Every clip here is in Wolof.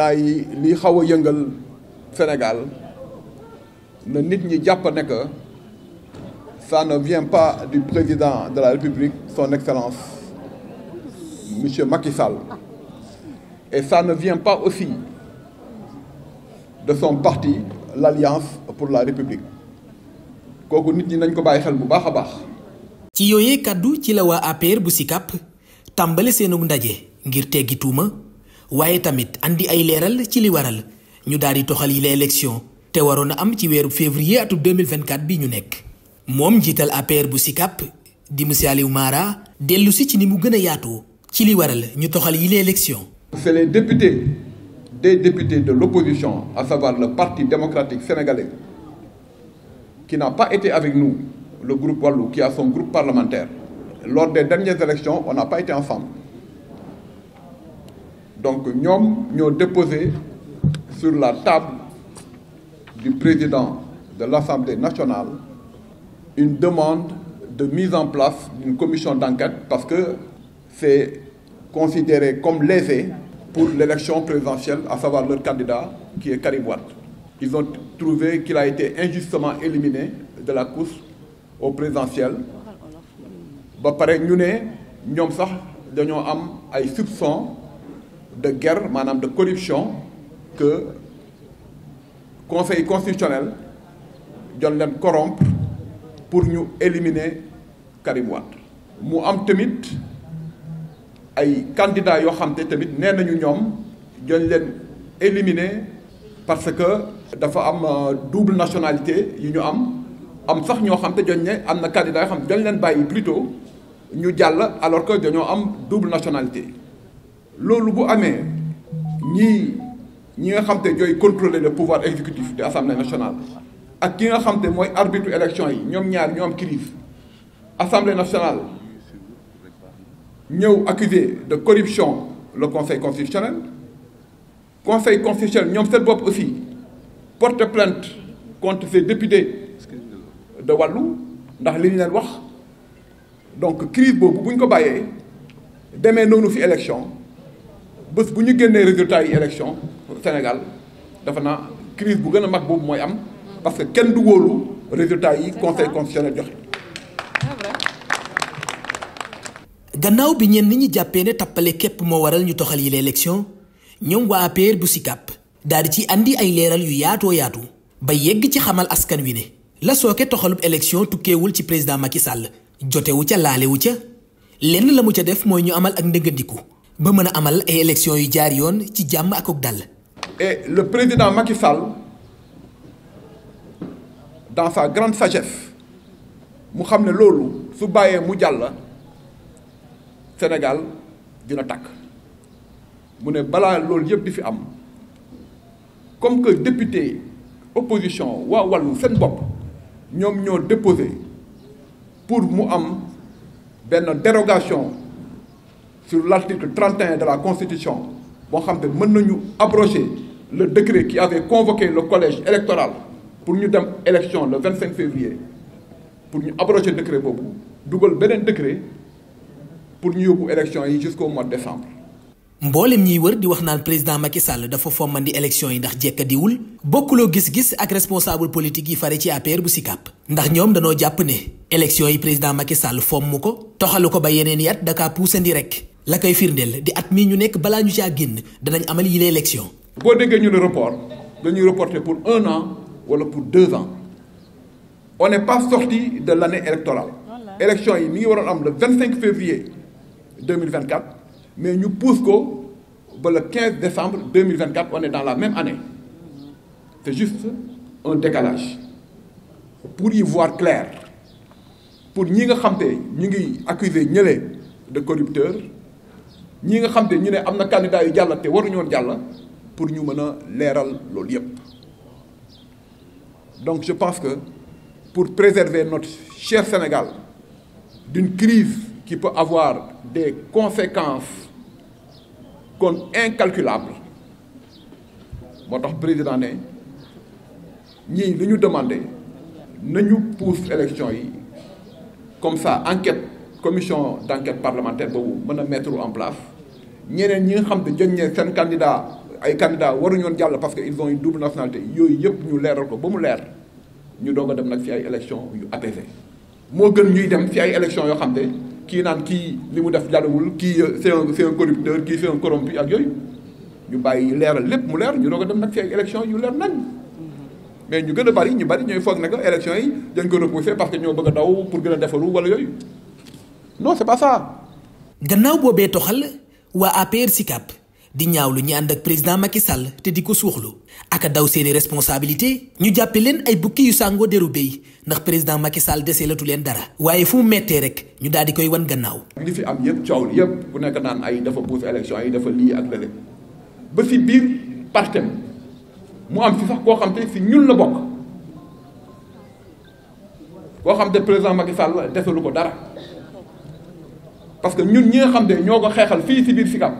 temps li xaw a yëngal Sénégal na nit ñi japp ne que ça ne vient pas du président de la République son excellence monsieur Macky Sall et ça ne vient pas aussi de son parti l'Alliance pour la République koku nit ñi nañ ko baye xel bu baaxa baax. ci yoyé kàddu ci la wa APR bu sikap tambalé seenug ndaje ngir teggi waye tamit andi ay leral ci li waral ñu daal toxal yi la élection te waroon a am ci wéru février atum 2024 bi ñu nekk. moom njiital APR bu sikap di monsieur Aliou Mara delu si ci ni mu gëna a ci li waral ñu toxal yi la élection. c'est les députés des députés de l'opposition à savoir le parti démocratique sénégalais qui n'a pas été avec nous le groupe Wallou qui a son groupe parlementaire lors des dernières élections on n'a pas été ensemble donc nous avons déposé sur la table du président de l'Assemblée nationale une demande de mise en place d'une commission d'enquête parce que c'est considéré comme lésé pour l'élection présidentielle, à savoir leur candidat qui est Karibouat. Ils ont trouvé qu'il a été injustement éliminé de la course au présidentiel. pareil, nous, nous avons des soupçons de guerre madame, de corruption que conseil constitutionnel jot corrompre pour ñu éliminer Karim Wade mu am tamit ay candidats yoo xam te tamit nee nañu ñoom jot éliminer parce que dafa am euh, double nationalité yu ñu am am sax ñoo xam te joñ ne candidats yoo xam te plutôt ñu alors que dañoo am double nationalité lolou bu amé ni ñi nga xam contrôler le pouvoir exécutif de l'Assemblée nationale ak ki nga xam de arbitre élection yi ñom ñaar crise assemblée nationale a accusé de corruption le conseil constitutionnel conseil constitutionnel ñom aussi porte plainte contre ses députés de Wallou, ndax li ñu leen wax donc crise bobu nous demain ko nous démé nonu élection bés bu ñu génnee résultat yi élection Sénégal dafa na crise bu gën a mag boobu mooy am parce que kenn du wóolu résultat yi conseil constitutionnel joxe. gannaaw bi ñenn ñi jàppee ne tappale képp moo waral ñu toxal yi l'élection ñoom waa APR bu Sicap daal di ci indi ay leeral yu yaatoo yaatu ba yegg ci xamal askan wi ne la sooke toxalub élection tukkeewul ci président Macky Sall jotewu ca laalewu ca lenn la mu ca def mooy ñu amal ak ndëggandiku ba mën a amal ay élections yu jaar yoon ci jàmm ak ak dal. et le président Macky Sall dans sa grande sagesse mu xam ne loolu su bàyyee mu jàll Sénégal dina tàkk mu ne balaa loolu yëpp di fi am comme que député opposition waa wàllu seen bopp ñoom ñoo déposé pour mu am benn dérogation sur l'article 31 de la Constitution boo xam ne le décret qui avait convoqué le collège électoral pour ñu donner élection le 25 février pour ñu le décret boobu dugal un décret pour ñu donner élection jusqu'au mois de décembre. mboolem ñi wër di wax naan président Macky Sall dafa fomandi élection yi ndax jekkadiwul bokkuloo gis-gis ak responsable politique yi fare ci APR bu SICAP ndax ñoom dañoo jàpp ne élection yi président Macky Sall fomm ko toxalu ko ba yeneen yat da kaa puusandi rek la koy nous di at mi ñu ñu amal report pour un an ou pour deux ans on n'est pas sorti de l'année électorale. élection est mi le 25 février 2024, mais nous pousse le 15 décembre 2024, on est dans la même année c'est juste un décalage pour y voir clair pour ñi nga xam de corrupteurs ñi nga xam te ñu ne am na candidat yu waru jàll pour ñu mën a leeral loolu yépp donc je pense que pour préserver notre cher Sénégal d'une crise qui peut avoir des conséquences incalculables moo président ne ñii li ñu demandé nañu pousse élection yi comme ça enquête commission d'enquête parlementaire boobu mën mettre en place ñeneen ñi nga xam ne jot seen candidat ay candidat waru woon jàll parce que ils ont une double nationalité yooyu yëpp ñu leeral ko ba mu leer ñu doog a dem nag ci ay élection yu apaisé moo gën ñuy dem ci ay élection yoo xam ne kii naan kii li mu def jàlluwul kii euh, c'est un c'est un corrupteur kii c'est un corrompu ak yooyu ñu bàyyi leeral lépp mu leer ñu doog a dem nag ci ay élection yu leer nañ mais ñu gën a bari ñu bari ñooy foog ne que élection yi dañ ko repousser parce que ñoo bëgg a daw pour gën a defaru wala yooyu non c'est pas ça gannaaw boobee toxal waa APR sikap di ñaawlu ñi ànd ak président Macky Sall te di ko suuxlu ak daw seeni responsabilité ñu jàppe leen ay bukki yu sàngoo deru béy ndax président Macky Sall dese latu leen dara waaye fu mu mettee rek ñu daal di koy wan gannaaw li fi am yëpp coow yëpp ku nekk naan ay dafa pousse élection ay dafa lii ak lële ba fi biir partem mu am fi sax koo xam te si ñun la bokk koo xam te président Macky Sall desalu ko dara parce que nous, ñi nga xam ne ñoo ko xeexal fii si biir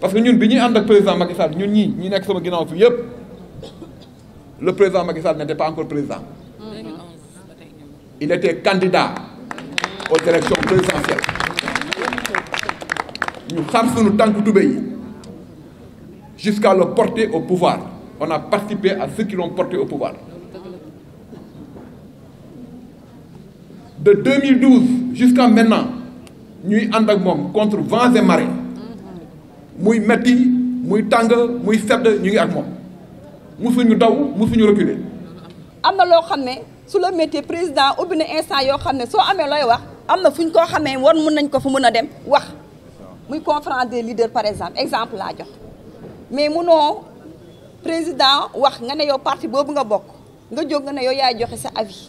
parce que nous, sommes ñuy ànd ak président Macky Sall ñun ñii ñi nekk sama ginnaaw le président Macky n'était pas encore président il était candidat aux élections présidentielles ñu xam sunu tànku tubéy jusqu'à le porter au pouvoir on a participé à ceux qui l'ont porté au pouvoir de 2012 jusqu'à maintenant nous ànd ak contre vents et marées muy metti muy nous muy fedd ñu ngi ak moom musuñu daw musuñu reculer. Amna nous xamné la métier président instant yo xamné so amé loy wax amna fuñ ko won ko fu mëna dem wax muy des leaders par exemple exemple mais président wax nga parti nga nga sa avis.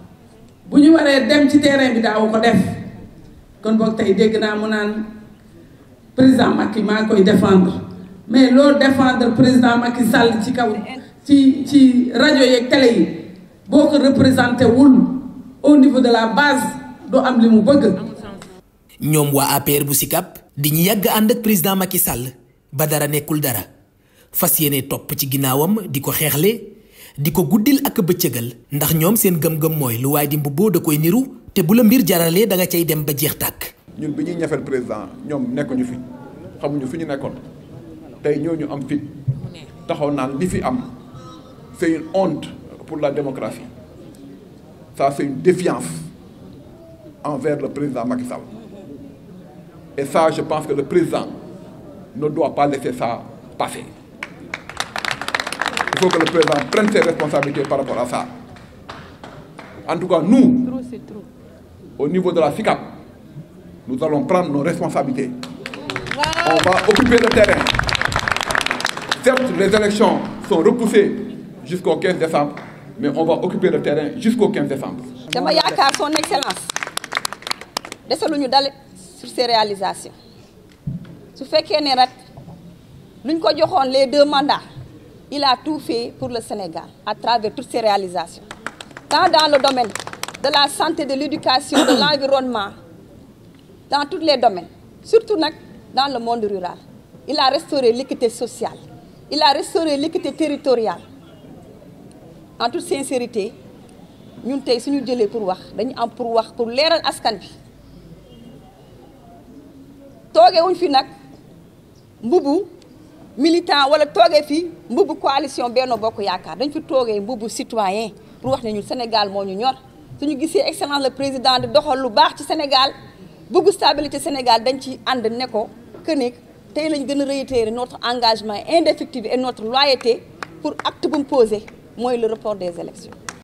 bu ñu waree dem ci terrain bi daaw ko def kon boog tey dégg naa mu naan président Macky maa koy défendre mais loolu défendre président Macky sal ci kaw ci ci rajo yeeg télé yi boo ko représenté wul au niveau de la base doo am li mu bëgg. ñoom waa APR bu Sicap di ñu yàgg ànd ak président Macky Sall ba dara nekkul dara fas yéene topp ci ginnaawam di ko xeexle. diko ko guddil ak beccegal ndax ñoom seen gëm-gëm moy lu waay di mbubboo da koy niru te bu la mbir jaralee da nga cey dem ba jeex tàkk. ñun bi ñuy ñafeel président ñoom nekkuñu fi xamuñu fi ñu nekkon tay ñoñu am fit taxaw naan li fi am c'est une honte pour la démocratie ça c'est une défiance envers le président Macky Sall et ça je pense que le président ne doit pas laisser ça passer faut que le président prenne ses responsabilités par rapport à ça. En tout cas, nous, au niveau de la FICAP, nous allons prendre nos responsabilités. On va occuper le terrain. Certes, les élections sont repoussées jusqu'au 15 décembre, mais on va occuper le terrain jusqu'au 15 décembre. dama son excellence nous sur ces réalisations ce fait les deux mandats il a tout fait pour le Sénégal à travers toutes ses réalisations. Tant dans le domaine de la santé, de l'éducation, de l'environnement, dans tous les domaines, surtout dans le monde rural. Il a restauré l'équité sociale, il a restauré l'équité territoriale. En toute sincérité, nous sommes suñu pouvoir, pour wax dañu am pour wax pour militants wala toogee fi mbubu coalition Benno Bokk yakar dañ fi toogee mbubu citoyen pour wax ni ñu Sénégal mo ñu ñor suñu gisee excellence le président de doxal lu baax ci Sénégal bëgg stabilité Sénégal dañ ci and ne ko que ne tey réitérer notre engagement indéfectible et notre loyauté pour acte bu posé le report des élections